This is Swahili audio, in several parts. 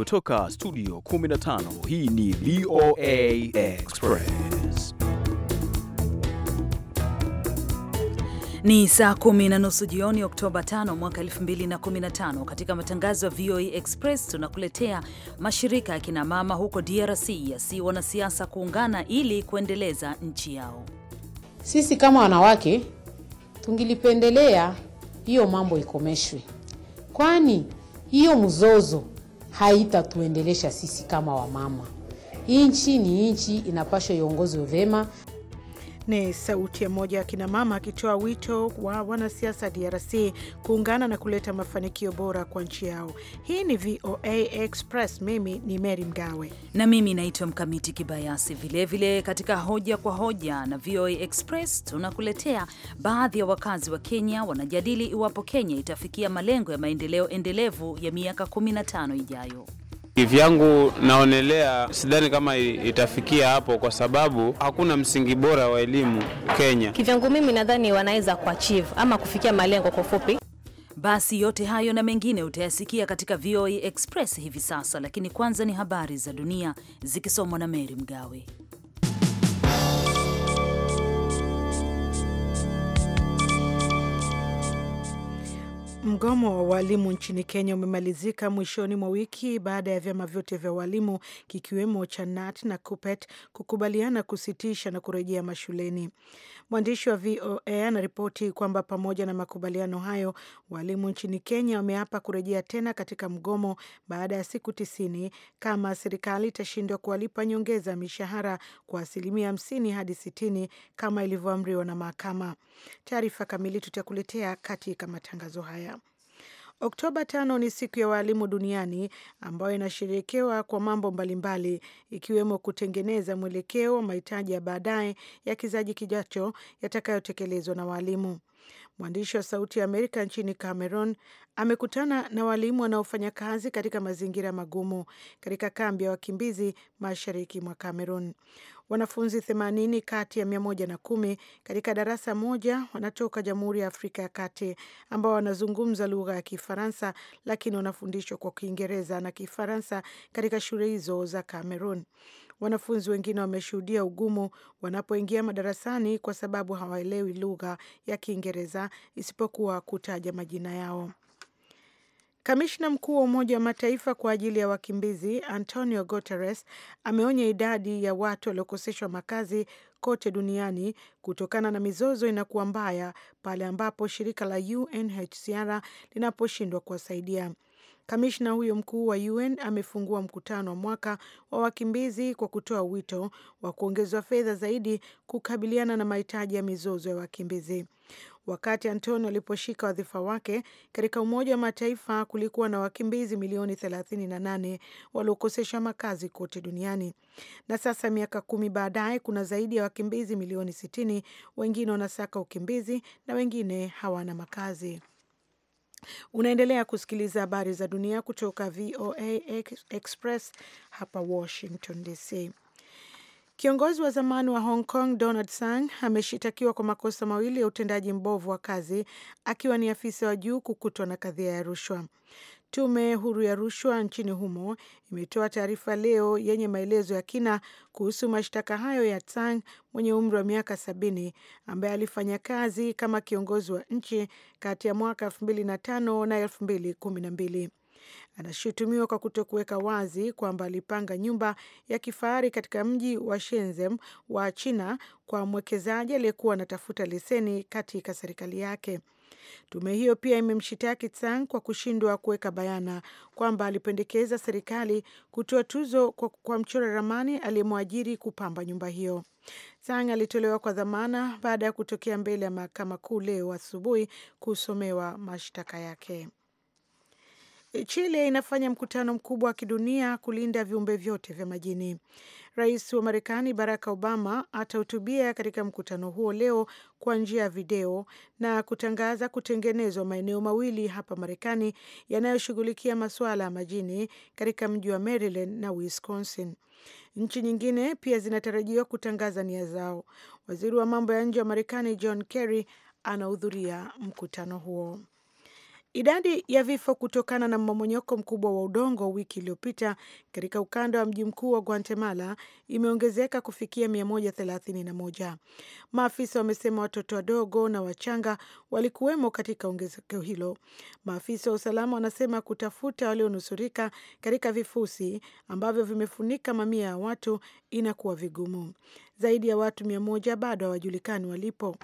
Kutoka studio 15 hii ni VOA Express. Ni saa kumi na nusu jioni Oktoba 5 mwaka 2015. Katika matangazo ya VOA Express tunakuletea mashirika ya kinamama huko DRC yasii wanasiasa kuungana ili kuendeleza nchi yao. Sisi kama wanawake tungilipendelea hiyo mambo ikomeshwe, kwani hiyo mzozo haitatuendelesha sisi kama wamama. Inchi ni inchi, inapasha iongozwe vema ni sauti ya mmoja ya akinamama akitoa wito wa wanasiasa DRC kuungana na kuleta mafanikio bora kwa nchi yao. Hii ni VOA Express. Mimi ni Mary Mgawe na mimi naitwa Mkamiti Kibayasi. Vilevile vile katika hoja kwa hoja na VOA Express tunakuletea baadhi ya wakazi wa Kenya wanajadili iwapo Kenya itafikia malengo ya maendeleo endelevu ya miaka 15 ijayo. Kivyangu naonelea sidhani kama itafikia hapo, kwa sababu hakuna msingi bora wa elimu Kenya. Kivyangu mimi nadhani wanaweza kuachieve ama kufikia malengo kwa fupi. Basi yote hayo na mengine utayasikia katika VOA e Express hivi sasa, lakini kwanza ni habari za dunia zikisomwa na Mary Mgawe. Mgomo wa walimu nchini Kenya umemalizika mwishoni mwa wiki baada ya vyama vyote vya walimu kikiwemo cha nat na KUPET kukubaliana kusitisha na kurejea mashuleni. Mwandishi wa VOA anaripoti kwamba pamoja na makubaliano hayo, walimu nchini Kenya wameapa kurejea tena katika mgomo baada ya siku tisini kama serikali itashindwa kuwalipa nyongeza ya mishahara kwa asilimia hamsini hadi sitini kama ilivyoamriwa na mahakama. Taarifa kamili tutakuletea katika matangazo haya. Oktoba tano ni siku ya waalimu duniani ambayo inasherehekewa kwa mambo mbalimbali ikiwemo kutengeneza mwelekeo wa mahitaji ya baadaye ya kizazi kijacho yatakayotekelezwa na waalimu. Mwandishi wa Sauti ya Amerika nchini Cameroon amekutana na walimu wanaofanya kazi katika mazingira magumu katika kambi ya wakimbizi mashariki mwa Cameroon. Wanafunzi 80 kati ya 110 katika darasa moja wanatoka Jamhuri ya Afrika ya Kati ambao wanazungumza lugha ya Kifaransa, lakini wanafundishwa kwa Kiingereza na Kifaransa katika shule hizo za Cameroon. Wanafunzi wengine wameshuhudia ugumu wanapoingia madarasani kwa sababu hawaelewi lugha ya Kiingereza isipokuwa kutaja majina yao. Kamishna mkuu wa Umoja wa Mataifa kwa ajili ya wakimbizi Antonio Guterres ameonya idadi ya watu waliokoseshwa makazi kote duniani kutokana na mizozo inakuwa mbaya pale ambapo shirika la UNHCR linaposhindwa kuwasaidia. Kamishna huyo mkuu wa UN amefungua mkutano wa mwaka wa wakimbizi kwa kutoa wito wa kuongezwa fedha zaidi kukabiliana na mahitaji ya mizozo ya wakimbizi. Wakati Antonio aliposhika wadhifa wake katika Umoja wa Mataifa, kulikuwa na wakimbizi milioni 38 waliokosesha makazi kote duniani, na sasa miaka kumi baadaye kuna zaidi ya wakimbizi milioni 60, wengine wanasaka ukimbizi na wengine hawana makazi. Unaendelea kusikiliza habari za dunia kutoka VOA Express hapa Washington DC. Kiongozi wa zamani wa Hong Kong Donald Tsang ameshitakiwa kwa makosa mawili ya utendaji mbovu wa kazi akiwa ni afisa wa juu kukutwa na kadhia ya rushwa. Tume huru ya rushwa nchini humo imetoa taarifa leo yenye maelezo ya kina kuhusu mashtaka hayo ya Tang mwenye umri wa miaka sabini ambaye alifanya kazi kama kiongozi wa nchi kati ya mwaka elfu mbili na tano na elfu mbili kumi na mbili. Anashutumiwa kwa kutokuweka wazi kwamba alipanga nyumba ya kifahari katika mji wa Shenzhen wa China kwa mwekezaji aliyekuwa anatafuta leseni katika serikali yake. Tume hiyo pia imemshitaki Tsang kwa kushindwa kuweka bayana kwamba alipendekeza serikali kutoa tuzo kwa, kwa mchora ramani aliyemwajiri kupamba nyumba hiyo. Tsang alitolewa kwa dhamana baada ya kutokea mbele ya mahakama kuu leo asubuhi kusomewa mashtaka yake. Eh, Chile inafanya mkutano mkubwa wa kidunia kulinda viumbe vyote vya majini. Rais wa Marekani Barack Obama atahutubia katika mkutano huo leo kwa njia ya video na kutangaza kutengenezwa maeneo mawili hapa Marekani yanayoshughulikia masuala ya majini katika mji wa Maryland na Wisconsin. Nchi nyingine pia zinatarajiwa kutangaza nia zao. Waziri wa mambo ya nje wa Marekani John Kerry anahudhuria mkutano huo. Idadi ya vifo kutokana na mmomonyoko mkubwa wa udongo wiki iliyopita katika ukanda wa mji mkuu wa Guatemala imeongezeka kufikia 131. Maafisa wamesema watoto wadogo na wachanga walikuwemo katika ongezeko hilo. Maafisa wa usalama wanasema kutafuta walionusurika katika vifusi ambavyo vimefunika mamia ya watu inakuwa vigumu. Zaidi ya watu mia bado hawajulikani walipo.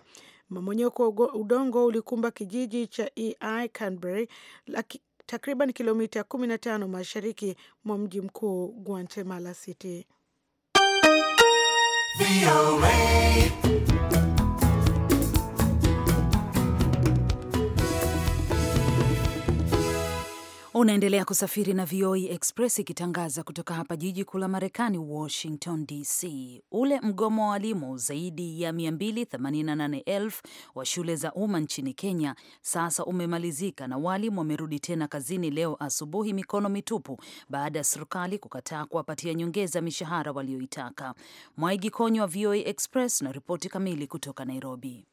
Mmomonyoko wa udongo ulikumba kijiji cha Ei Canberra takriban kilomita 15 mashariki mwa mji mkuu Guatemala City. Unaendelea kusafiri na VOA e Express ikitangaza kutoka hapa jiji kuu la Marekani, Washington DC. Ule mgomo wa walimu zaidi ya 288,000 wa shule za umma nchini Kenya sasa umemalizika na walimu wamerudi tena kazini leo asubuhi mikono mitupu, baada ya serikali kukataa kuwapatia nyongeza mishahara walioitaka. Mwaigi Konyo wa VOA e Express na ripoti kamili kutoka Nairobi.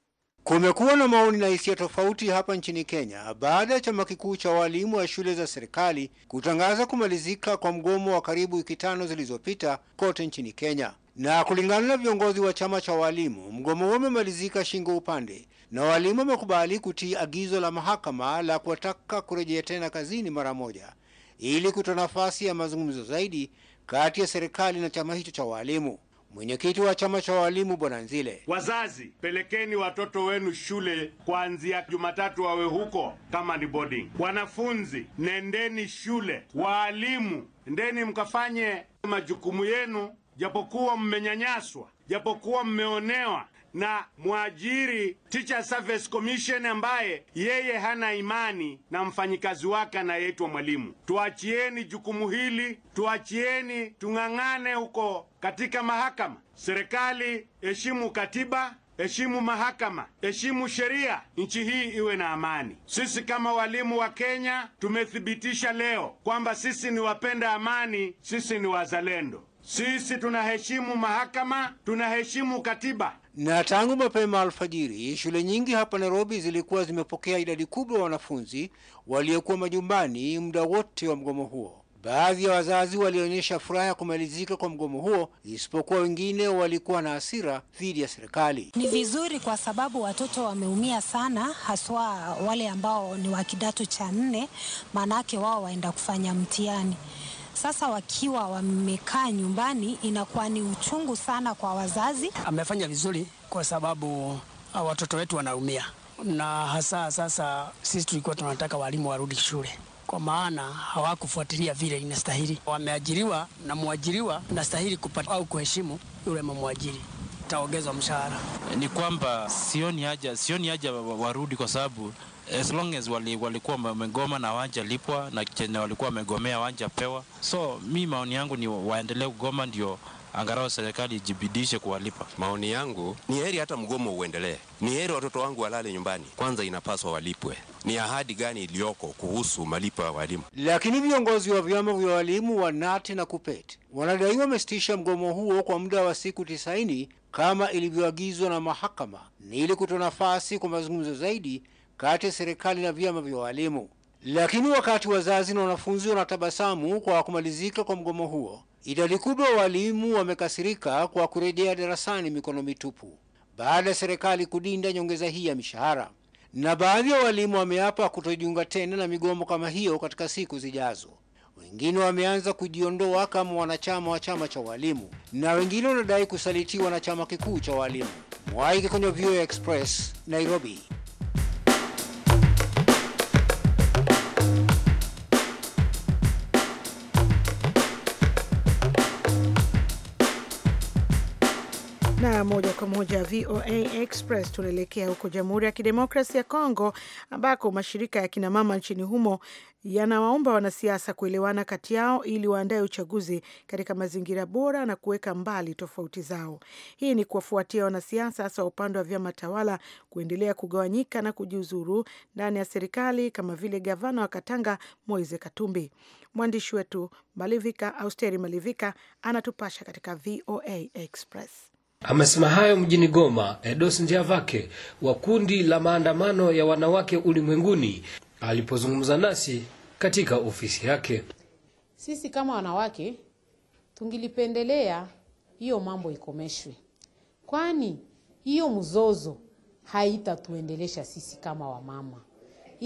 Kumekuwa na maoni na hisia tofauti hapa nchini Kenya baada ya chama kikuu cha walimu wa shule za serikali kutangaza kumalizika kwa mgomo wa karibu wiki tano zilizopita kote nchini Kenya. Na kulingana na viongozi wa chama cha walimu, mgomo huo umemalizika shingo upande, na walimu wamekubali kutii agizo la mahakama la kuwataka kurejea tena kazini mara moja ili kutoa nafasi ya mazungumzo zaidi kati ya serikali na chama hicho cha walimu. Mwenyekiti wa chama cha walimu bwana Nzile, wazazi pelekeni watoto wenu shule kuanzia Jumatatu wawe huko kama ni boarding. Wanafunzi nendeni shule, waalimu ndeni mkafanye majukumu yenu, japokuwa mmenyanyaswa, japokuwa mmeonewa na mwajiri Teacher Service Commission ambaye yeye hana imani na mfanyikazi wake anayeitwa mwalimu. Tuachieni jukumu hili, tuachieni tung'ang'ane huko katika mahakama. Serikali heshimu katiba, heshimu mahakama, heshimu sheria, nchi hii iwe na amani. Sisi kama walimu wa Kenya tumethibitisha leo kwamba sisi ni wapenda amani, sisi ni wazalendo. Sisi tunaheshimu mahakama, tunaheshimu katiba, na tangu mapema alfajiri, shule nyingi hapa Nairobi zilikuwa zimepokea idadi kubwa ya wanafunzi waliokuwa majumbani muda wote wa mgomo huo. Baadhi ya wazazi walionyesha furaha ya kumalizika kwa mgomo huo, isipokuwa wengine walikuwa na hasira dhidi ya serikali. Ni vizuri kwa sababu watoto wameumia sana, haswa wale ambao ni wa kidato cha nne, maanake wao waenda kufanya mtihani. Sasa wakiwa wamekaa nyumbani, inakuwa ni uchungu sana kwa wazazi. Amefanya vizuri kwa sababu ah, watoto wetu wanaumia, na hasa sasa sisi tulikuwa tunataka walimu warudi shule kwa maana hawakufuatilia vile inastahili. Wameajiriwa na mwajiriwa nastahili kupata au kuheshimu yule mwajiri, taongezwa mshahara. Ni kwamba sioni haja, sioni haja warudi kwa sababu as long as wali, walikuwa wamegoma na wanja lipwa na chenye walikuwa wamegomea wanja pewa So mi maoni yangu ni waendelee kugoma ndio angalau serikali ijibidishe kuwalipa. Maoni yangu ni heri hata mgomo uendelee, ni heri watoto wangu walale nyumbani kwanza, inapaswa walipwe. Ni ahadi gani iliyoko kuhusu malipo ya walimu? Lakini viongozi wa vyama vya walimu wa nati na kupeti wanadaiwa wamesitisha mgomo huo kwa muda wa siku tisaini kama ilivyoagizwa na mahakama, ni ili kutoa nafasi kwa mazungumzo zaidi kati ya serikali na vyama vya walimu. Lakini wakati wazazi na wanafunzi wanatabasamu kwa kumalizika kwa mgomo huo, idadi kubwa ya walimu wamekasirika kwa kurejea darasani mikono mitupu baada ya serikali kudinda nyongeza hii ya mishahara, na baadhi ya walimu wameapa kutojiunga tena na migomo kama hiyo katika siku zijazo. Wengine wameanza kujiondoa kama wanachama wa chama cha walimu na wengine wanadai kusalitiwa na chama kikuu cha walimu. Mwaike kwenye VOA Express, Nairobi. na moja kwa moja VOA Express tunaelekea huko Jamhuri ya Kidemokrasi ya congo ambako mashirika ya kinamama nchini humo yanawaomba wanasiasa kuelewana kati yao ili waandae uchaguzi katika mazingira bora na kuweka mbali tofauti zao. Hii ni kuwafuatia wanasiasa hasa wa upande wa vyama tawala kuendelea kugawanyika na kujiuzuru ndani ya serikali kama vile gavana wa Katanga Moise Katumbi. Mwandishi wetu Malivika Austeri Malivika anatupasha katika VOA Express. Amesema hayo mjini Goma Edos Ndiavake wa kundi la maandamano ya wanawake ulimwenguni alipozungumza nasi katika ofisi yake. Sisi kama wanawake tungilipendelea hiyo mambo ikomeshwe, kwani hiyo mzozo haitatuendelesha sisi kama wamama.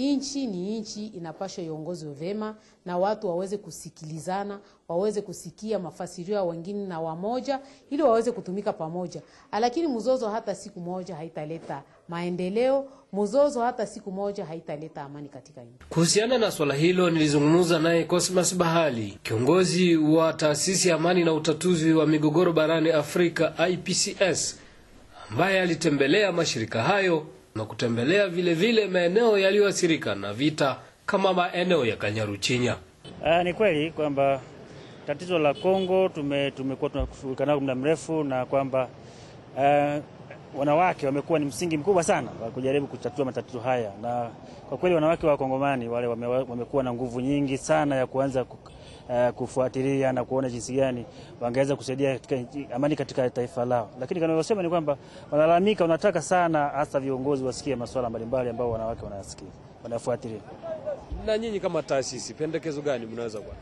Nchi ni nchi, inapaswa iongozwe vema na watu waweze kusikilizana, waweze kusikia mafasirio ya wengine na wamoja, ili waweze kutumika pamoja. Lakini mzozo hata siku moja haitaleta maendeleo, mzozo hata siku moja haitaleta amani katika nchi. Kuhusiana na swala hilo, nilizungumza naye Cosmas Bahali, kiongozi wa taasisi ya amani na utatuzi wa migogoro barani Afrika IPCS, ambaye alitembelea mashirika hayo na kutembelea vile vile maeneo yaliyoathirika na vita kama maeneo ya Kanyaruchinya. Aa, ah, ni kweli kwamba tatizo la Kongo tume, tumekuwa tunashughulika muda mrefu na kwamba uh, wanawake wamekuwa ni msingi mkubwa sana wa kujaribu kutatua matatizo haya, na kwa kweli wanawake wa Kongomani wale wamekuwa na nguvu nyingi sana ya kuanza uh, kufuatilia na kuona jinsi gani wangeweza kusaidia katika amani katika taifa lao. Lakini nilivyosema ni kwamba wanalalamika, wanataka sana hasa viongozi wasikie masuala mbalimbali ambao wanawake wanayasikia, wanafuatilia. Na nyinyi kama taasisi, pendekezo gani mnaweza kwa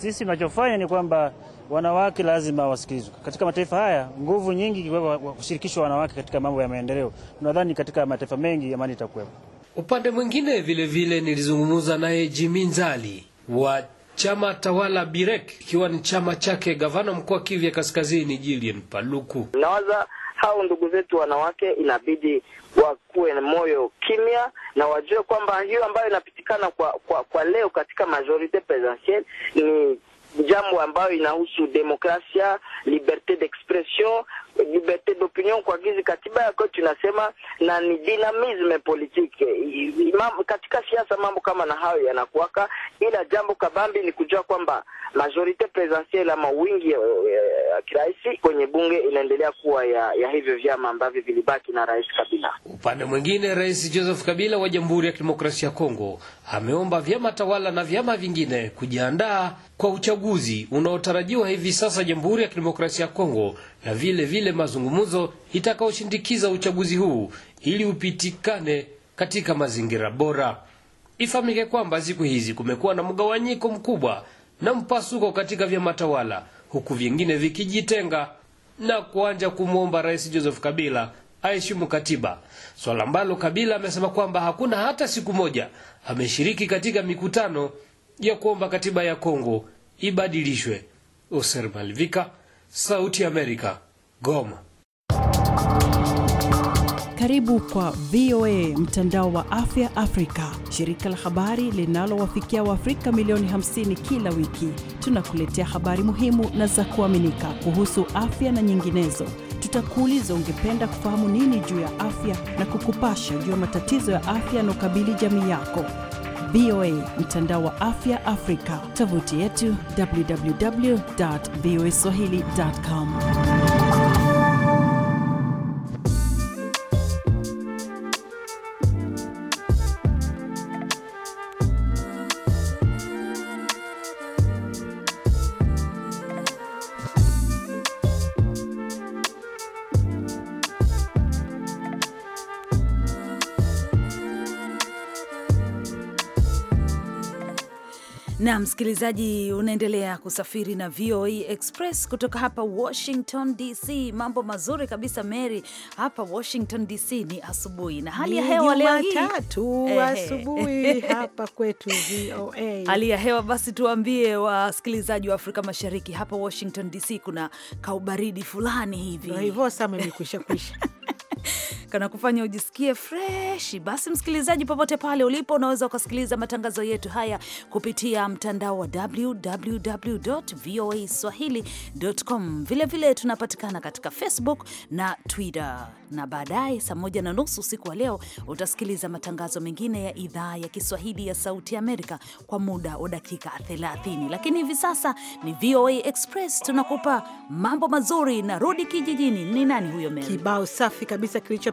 sisi? Tunachofanya ni kwamba wanawake lazima wasikilizwe katika mataifa haya. Nguvu nyingi ikiwekwa kushirikishwa wanawake katika mambo ya maendeleo, tunadhani katika mataifa mengi amani itakuwepo. Upande mwingine vilevile, nilizungumza naye Nzali wa Chama tawala Birek ikiwa ni chama chake gavana mkuu wa Kivu ya Kaskazini Julien Paluku. Nawaza hao ndugu zetu wanawake inabidi wakuwe na moyo kimya na wajue kwamba hiyo ambayo inapitikana kwa, kwa, kwa leo katika majorite presidentielle ni jambo ambayo inahusu demokrasia, liberte d'expression liberté d'opinion kwa gizi katiba yako tunasema, na ni dynamisme politique imam, katika siasa mambo kama na hayo yanakuwaka, ila jambo kabambi ni kujua kwamba majorite presidentielle ama wingi ya eh, kiraisi kwenye bunge inaendelea kuwa ya, ya hivyo vyama ambavyo vilibaki na rais Kabila. Upande mwingine, rais Joseph Kabila wa Jamhuri ya Kidemokrasia ya Kongo ameomba vyama tawala na vyama vingine kujiandaa kwa uchaguzi unaotarajiwa hivi sasa Jamhuri ya Kidemokrasia ya Kongo na vile vile mazungumzo itakaoshindikiza uchaguzi huu ili upitikane katika mazingira bora. Ifahamike kwamba siku hizi kumekuwa na mgawanyiko mkubwa na mpasuko katika vyama tawala, huku vingine vikijitenga na kuanja kumwomba Rais Joseph Kabila aheshimu katiba, swala ambalo Kabila amesema kwamba hakuna hata siku moja ameshiriki katika mikutano ya kuomba katiba ya Kongo ibadilishwe. Oser Malvika, Sauti Amerika, Goma. Karibu kwa VOA mtandao wa afya Afrika, shirika la habari linalowafikia Waafrika milioni 50 kila wiki. Tunakuletea habari muhimu na za kuaminika kuhusu afya na nyinginezo. Tutakuuliza, ungependa kufahamu nini juu ya afya, na kukupasha juu ya matatizo ya afya yanaokabili jamii yako. VOA, mtandao wa afya Afrika, tovuti yetu www voa swahili.com. msikilizaji, unaendelea kusafiri na VOA e Express kutoka hapa Washington DC. Mambo mazuri kabisa Mary, hapa Washington DC ni asubuhi na hali ya hewa leo hii tatu asubuhi hapa kwetu VOA. E. Hali ya hewa basi, tuambie wasikilizaji wa Afrika Mashariki, hapa Washington DC kuna kaubaridi fulani hivi hivyo, sama imekwisha kwisha kanakufanya ujisikie freshi. Basi msikilizaji, popote pale ulipo, unaweza ukasikiliza matangazo yetu haya kupitia mtandao wa swahili.com. Vilevile tunapatikana katika Facebook na Twitter, na baadaye saa moja na nusu usiku wa leo utasikiliza matangazo mengine ya idhaa ya Kiswahili ya Sauti Amerika kwa muda wa dakika 30, lakini hivi sasa ni VOA Express, tunakupa mambo mazuri na rudi kijijini. Ni nani huyo? kibao safi kabisa kilicho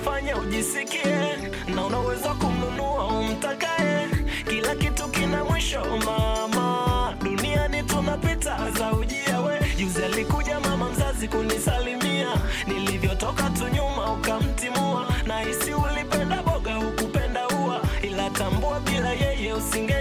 kufanya ujisikie, na unaweza kumnunua umtakaye. Kila kitu kina mwisho mama, duniani tunapita za ujia. We juzi alikuja mama mzazi kunisalimia, nilivyotoka tu nyuma ukamtimua, na hisi ulipenda boga hukupenda ua, ila tambua bila yeye usinge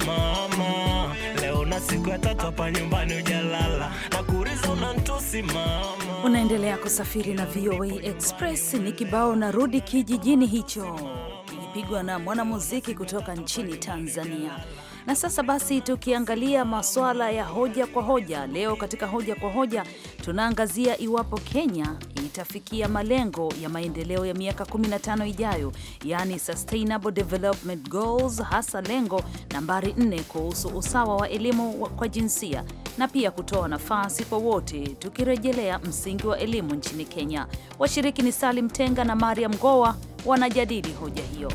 simama leo na siku ya tatu hapa nyumbani ujalala na kuriza unantusi mama. Unaendelea kusafiri na VOA Express ni kibao na rudi kijijini hicho kikipigwa na mwanamuziki kutoka nchini Tanzania. Na sasa basi, tukiangalia masuala ya hoja kwa hoja, leo katika hoja kwa hoja tunaangazia iwapo Kenya itafikia malengo ya maendeleo ya miaka 15 ijayo, yaani Sustainable Development Goals, hasa lengo nambari 4 kuhusu usawa wa elimu kwa jinsia na pia kutoa nafasi kwa wote, tukirejelea msingi wa elimu nchini Kenya. Washiriki ni Salim Tenga na Mariam Gowa wanajadili hoja hiyo.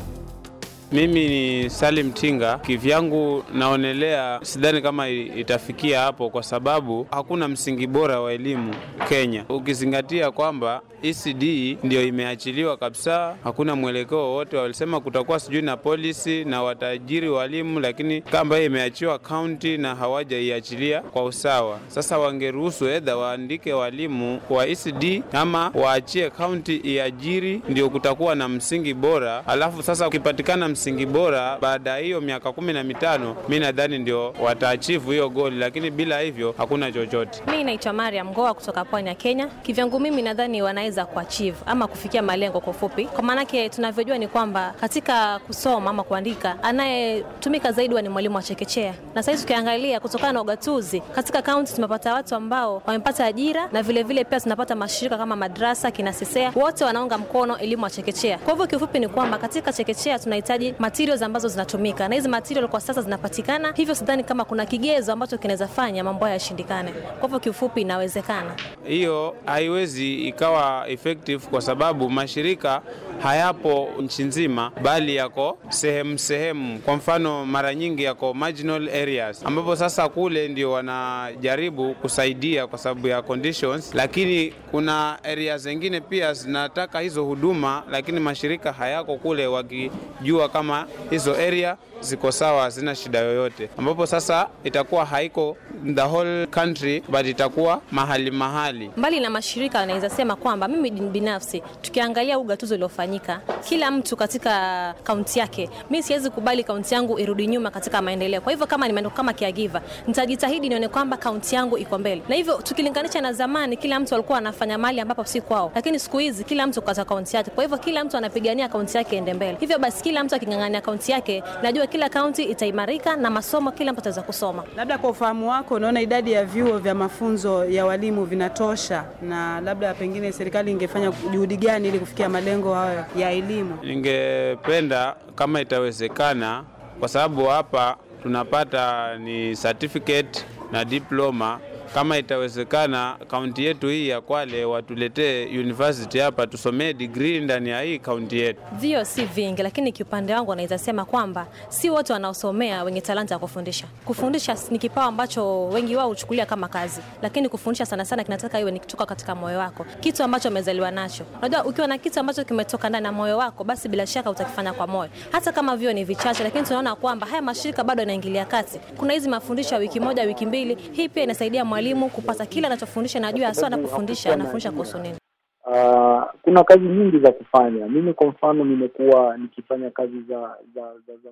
Mimi ni Salim Tinga. Kivyangu naonelea sidhani kama itafikia hapo, kwa sababu hakuna msingi bora wa elimu Kenya, ukizingatia kwamba ECD ndio imeachiliwa kabisa, hakuna mwelekeo wowote. Walisema kutakuwa sijui na polisi na watajiri walimu, lakini kamba imeachiwa kaunti na hawajaiachilia kwa usawa. Sasa wangeruhusu edha waandike walimu wa ECD ama waachie kaunti iajiri, ndio kutakuwa na msingi bora. Alafu sasa ukipatikana msingi bora baada ya hiyo miaka kumi na mitano, mi nadhani ndio wataachivu hiyo goli, lakini bila hivyo hakuna chochote. Mi naitwa Mariam Ngoa kutoka pwani ya Kenya. Kivyangu mimi nadhani wanaweza kuweza kuachieve ama kufikia malengo kwa ufupi. Kwa maanake tunavyojua ni kwamba katika kusoma ama kuandika anayetumika zaidi ni mwalimu wa chekechea, na sasa tukiangalia kutokana na ugatuzi katika kaunti tumepata watu ambao wamepata ajira na vilevile vile pia tunapata mashirika kama madrasa kinasesea, wote wanaunga mkono elimu ya chekechea. Kwa hivyo kiufupi ni kwamba katika chekechea tunahitaji materials ambazo zinatumika na hizi materials kwa sasa zinapatikana, hivyo sidhani kama kuna kigezo ambacho kinaweza fanya mambo haya yashindikane. Kwa hivyo kiufupi inawezekana hiyo, haiwezi ikawa effective kwa sababu mashirika hayapo nchi nzima, bali yako sehemu sehemu. Kwa mfano, mara nyingi yako marginal areas, ambapo sasa kule ndio wanajaribu kusaidia kwa sababu ya conditions, lakini kuna areas zingine pia zinataka hizo huduma, lakini mashirika hayako kule, wakijua kama hizo area ziko sawa, hazina shida yoyote, ambapo sasa itakuwa haiko the whole country but itakuwa mahali mahali. Mbali na mashirika, anaweza sema kwamba mimi binafsi, tukiangalia huu gatuzo kufanyika, kila mtu katika kaunti yake. Mimi siwezi kubali kaunti yangu irudi nyuma katika maendeleo. Kwa hivyo kama nimeandika kama kiagiva nitajitahidi nione kwamba kaunti yangu iko mbele, na hivyo tukilinganisha na zamani, kila mtu alikuwa anafanya mali ambapo si kwao, lakini siku hizi kila mtu katika kaunti yake. Kwa hivyo kila mtu anapigania kaunti yake ende mbele. Hivyo basi, kila mtu aking'ang'ania kaunti yake, najua kila kaunti itaimarika na masomo, kila mtu ataweza kusoma. Labda kwa ufahamu wako, unaona idadi ya vyuo vya mafunzo ya walimu vinatosha, na labda pengine serikali ingefanya juhudi gani ili kufikia malengo hayo? ya, elimu. Ningependa kama itawezekana, kwa sababu hapa tunapata ni certificate na diploma kama itawezekana, kaunti yetu hii ya Kwale watuletee university hapa tusomee degree ndani ya hii kaunti yetu. Vio si vingi, lakini kiupande wangu naweza sema kwamba si wote wanaosomea wenye talanta ya kufundisha. Kufundisha ni kipawa ambacho wengi wao huchukulia kama kazi, lakini kufundisha sana sana kinataka iwe ni kutoka katika moyo wako, kitu ambacho umezaliwa nacho. Unajua, ukiwa na kitu ambacho kimetoka ndani ya moyo wako, basi bila shaka utakifanya kwa moyo, hata kama vio ni vichache. Lakini tunaona kwamba haya mashirika bado yanaingilia kati. Kuna hizi mafundisho ya wiki moja, wiki mbili, hii pia inasaidia mwalimu kupata kile anachofundisha, najua hasa anapofundisha anafundisha kuhusu nini. Uh, kuna kazi nyingi za kufanya. Mimi kwa mfano nimekuwa nikifanya kazi za za za, za...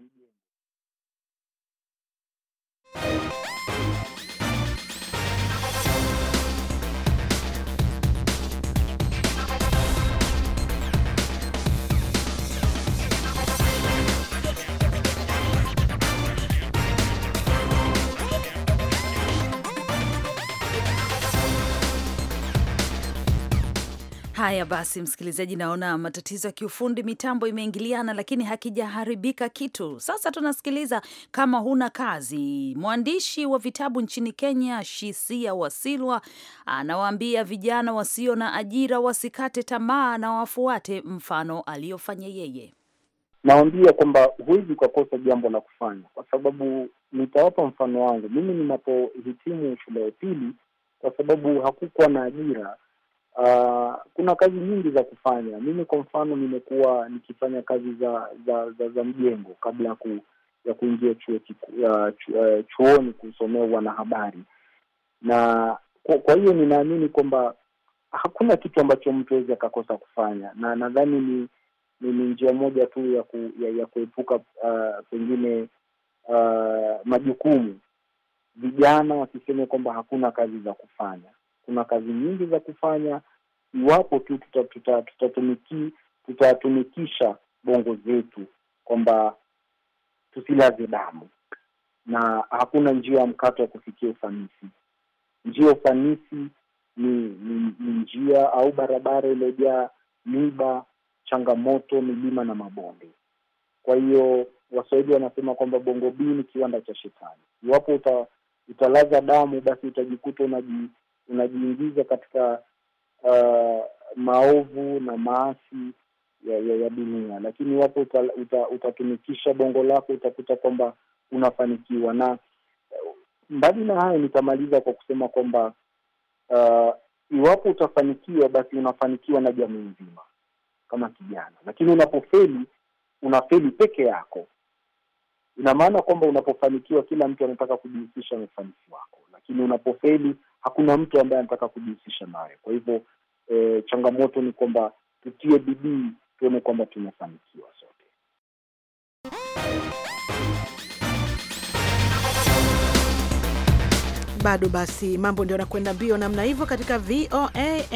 Haya basi, msikilizaji, naona matatizo ya kiufundi mitambo imeingiliana, lakini hakijaharibika kitu. Sasa tunasikiliza kama huna kazi. Mwandishi wa vitabu nchini Kenya, Shisia Wasilwa, anawaambia vijana wasio na ajira wasikate tamaa na wafuate mfano aliyofanya yeye. Naambia kwamba huwezi ukakosa jambo la kufanya, kwa sababu nitawapa mfano wangu. Mimi ninapohitimu shule ya pili, kwa sababu hakukuwa na ajira Uh, kuna kazi nyingi za kufanya. Mimi kwa mfano nimekuwa nikifanya kazi za za za, za mjengo kabla ya ku, ya kuingia chuo uh, chuoni kusomea wanahabari, na kwa hiyo ninaamini kwamba hakuna kitu ambacho mtu awezi akakosa kufanya, na nadhani ni, ni, ni njia moja tu ya, ku, ya, ya kuepuka uh, pengine uh, majukumu, vijana wakisema kwamba hakuna kazi za kufanya kuna kazi nyingi za kufanya iwapo tu tutatumikisha tuta, tuta tuta bongo zetu kwamba tusilaze damu, na hakuna njia ya mkato ya kufikia ufanisi. Njia ya ufanisi ni, ni, ni njia au barabara iliyojaa miba, changamoto, milima na mabonde. Kwa hiyo waswahidi wanasema kwamba bongo bii ni kiwanda cha shetani. Iwapo uta, utalaza damu, basi utajikuta unaji unajiingiza katika uh, maovu na maasi ya, ya, ya dunia, lakini iwapo uta, uta, utatumikisha bongo lako utakuta kwamba unafanikiwa. Na mbali na hayo, nitamaliza kwa kusema kwamba uh, iwapo utafanikiwa, basi unafanikiwa na jamii nzima kama kijana, lakini unapofeli, unafeli peke yako. Ina maana kwamba unapofanikiwa, kila mtu anataka kujihusisha na ufanisi wako, lakini unapofeli hakuna mtu ambaye anataka kujihusisha nayo. Kwa hivyo e, changamoto ni kwamba tutie bidii, tuone kwamba tumefanikiwa sote. Bado basi mambo ndio yanakwenda mbio namna hivyo katika VOA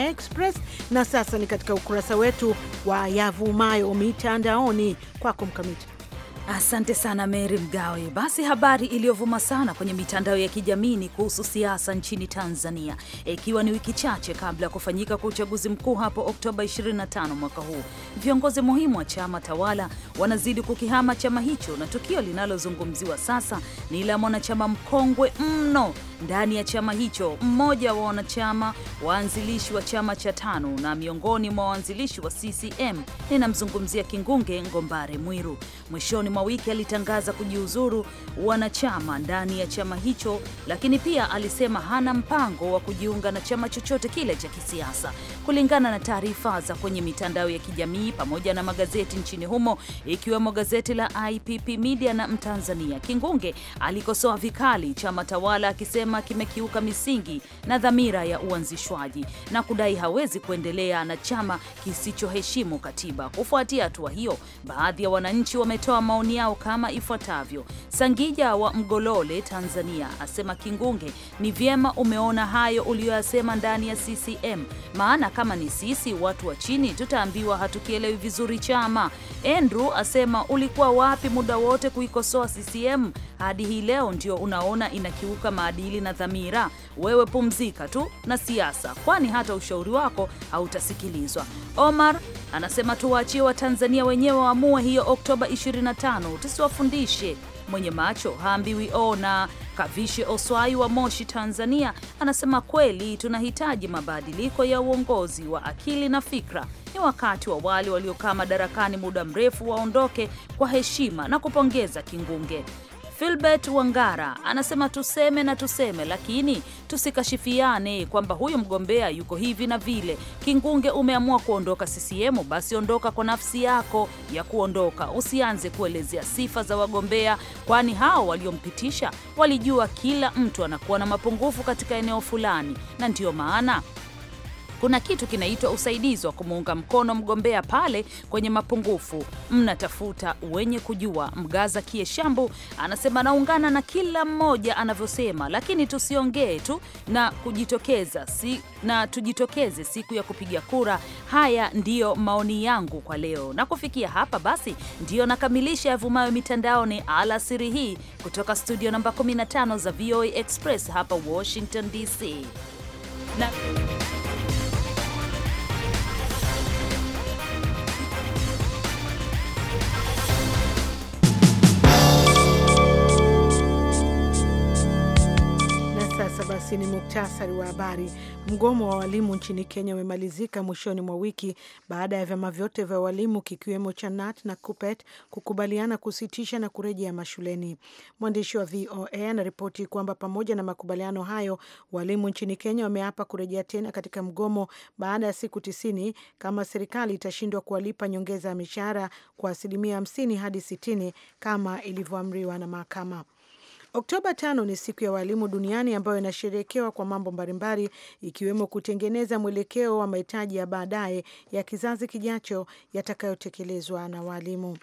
Express. Na sasa ni katika ukurasa wetu wa yavumayo mitandaoni, kwako Mkamiti. Asante sana Mary Mgawe. Basi habari iliyovuma sana kwenye mitandao ya kijamii ni kuhusu siasa nchini Tanzania, ikiwa ni wiki chache kabla ya kufanyika kwa uchaguzi mkuu hapo Oktoba 25 mwaka huu. Viongozi muhimu wa chama tawala wanazidi kukihama chama hicho, na tukio linalozungumziwa sasa ni la mwanachama mkongwe mno ndani ya chama hicho, mmoja wa wanachama waanzilishi wa chama cha tano na miongoni mwa waanzilishi wa CCM. Ninamzungumzia Kingunge Ngombare Mwiru. Mwishoni sukuma wiki alitangaza kujiuzuru wanachama ndani ya chama hicho, lakini pia alisema hana mpango wa kujiunga na chama chochote kile cha kisiasa. Kulingana na taarifa za kwenye mitandao ya kijamii pamoja na magazeti nchini humo, ikiwemo gazeti la IPP Media na Mtanzania, Kingunge alikosoa vikali chama tawala akisema kimekiuka misingi na dhamira ya uanzishwaji na kudai hawezi kuendelea na chama kisichoheshimu katiba. Kufuatia hatua hiyo, baadhi ya wananchi wametoa maoni maoni yao kama ifuatavyo. Sangija wa Mgolole, Tanzania, asema Kingunge, ni vyema umeona hayo uliyoyasema ndani ya CCM, maana kama ni sisi watu wa chini tutaambiwa hatukielewi vizuri chama. Andrew asema ulikuwa wapi muda wote kuikosoa CCM hadi hii leo ndio unaona inakiuka maadili na dhamira. Wewe pumzika tu na siasa, kwani hata ushauri wako hautasikilizwa. Omar anasema tuwaachie Watanzania wenyewe waamue hiyo Oktoba 25, tusiwafundishe. Mwenye macho haambiwi ona. Oh, Kavishe Oswai wa Moshi, Tanzania, anasema kweli tunahitaji mabadiliko ya uongozi wa akili na fikra. Ni wakati wa wale waliokaa madarakani muda mrefu waondoke kwa heshima na kupongeza Kingunge. Philbert Wangara anasema tuseme na tuseme, lakini tusikashifiane kwamba huyu mgombea yuko hivi na vile. Kingunge, umeamua kuondoka CCM, basi ondoka kwa nafsi yako ya kuondoka, usianze kuelezea sifa za wagombea, kwani hao waliompitisha walijua kila mtu anakuwa na mapungufu katika eneo fulani, na ndiyo maana kuna kitu kinaitwa usaidizi wa kumuunga mkono mgombea pale kwenye mapungufu. Mnatafuta wenye kujua. Mgaza Kie Shambu anasema anaungana na kila mmoja anavyosema, lakini tusiongee tu na kujitokeza si, na tujitokeze siku ya kupiga kura. Haya ndiyo maoni yangu kwa leo, na kufikia hapa basi ndiyo nakamilisha yavumayo mitandaoni alasiri hii kutoka studio namba 15 za VOA Express hapa Washington DC na... basi ni muktasari wa habari. Mgomo wa walimu nchini Kenya umemalizika mwishoni mwa wiki baada ya vyama vyote vya walimu kikiwemo cha NAT na KUPPET kukubaliana kusitisha na kurejea mashuleni. Mwandishi wa VOA anaripoti kwamba pamoja na makubaliano hayo, walimu nchini Kenya wameapa kurejea tena katika mgomo baada ya siku tisini kama serikali itashindwa kuwalipa nyongeza ya mishahara kwa asilimia hamsini hadi sitini kama ilivyoamriwa na mahakama. Oktoba tano ni siku ya walimu duniani ambayo inasherehekewa kwa mambo mbalimbali ikiwemo kutengeneza mwelekeo wa mahitaji ya baadaye ya kizazi kijacho yatakayotekelezwa na walimu.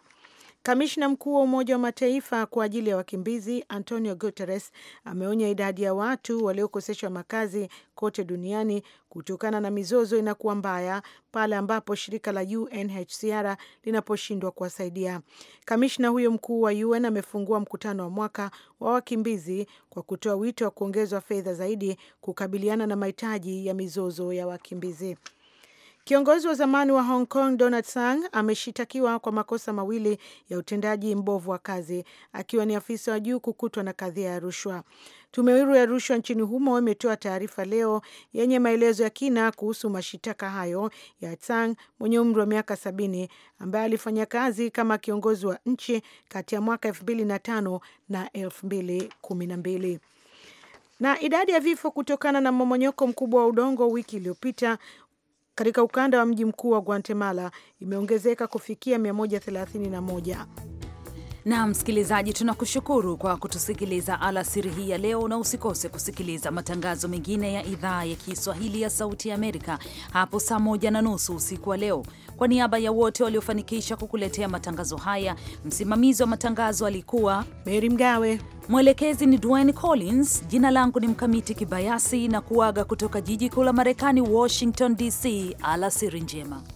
Kamishna mkuu wa Umoja wa Mataifa kwa ajili ya wakimbizi Antonio Guterres ameonya idadi ya watu waliokoseshwa makazi kote duniani kutokana na mizozo inakuwa mbaya pale ambapo shirika la UNHCR linaposhindwa kuwasaidia. Kamishna huyo mkuu wa UN amefungua mkutano wa mwaka wa wakimbizi kwa kutoa wito wa kuongezwa fedha zaidi kukabiliana na mahitaji ya mizozo ya wakimbizi. Kiongozi wa zamani wa Hong Kong Donald Tsang ameshitakiwa kwa makosa mawili ya utendaji mbovu wa kazi akiwa ni afisa wa juu kukutwa na kadhia ya rushwa. Tume huru ya rushwa nchini humo imetoa taarifa leo yenye maelezo ya kina kuhusu mashitaka hayo ya Tsang mwenye umri wa miaka sabini ambaye alifanya kazi kama kiongozi wa nchi kati ya mwaka elfu mbili na tano na elfu mbili kumi na mbili na idadi ya vifo kutokana na mmomonyoko mkubwa wa udongo wiki iliyopita katika ukanda wa mji mkuu wa Guatemala imeongezeka kufikia 131. Na msikilizaji, tunakushukuru kwa kutusikiliza alasiri hii ya leo, na usikose kusikiliza matangazo mengine ya idhaa ya Kiswahili ya Sauti ya Amerika hapo saa moja na nusu usiku wa leo. Kwa niaba ya wote waliofanikisha kukuletea matangazo haya, msimamizi wa matangazo alikuwa Meri Mgawe, mwelekezi ni Dwayne Collins, jina langu ni Mkamiti Kibayasi na kuaga kutoka jiji kuu la Marekani, Washington DC. Alasiri njema.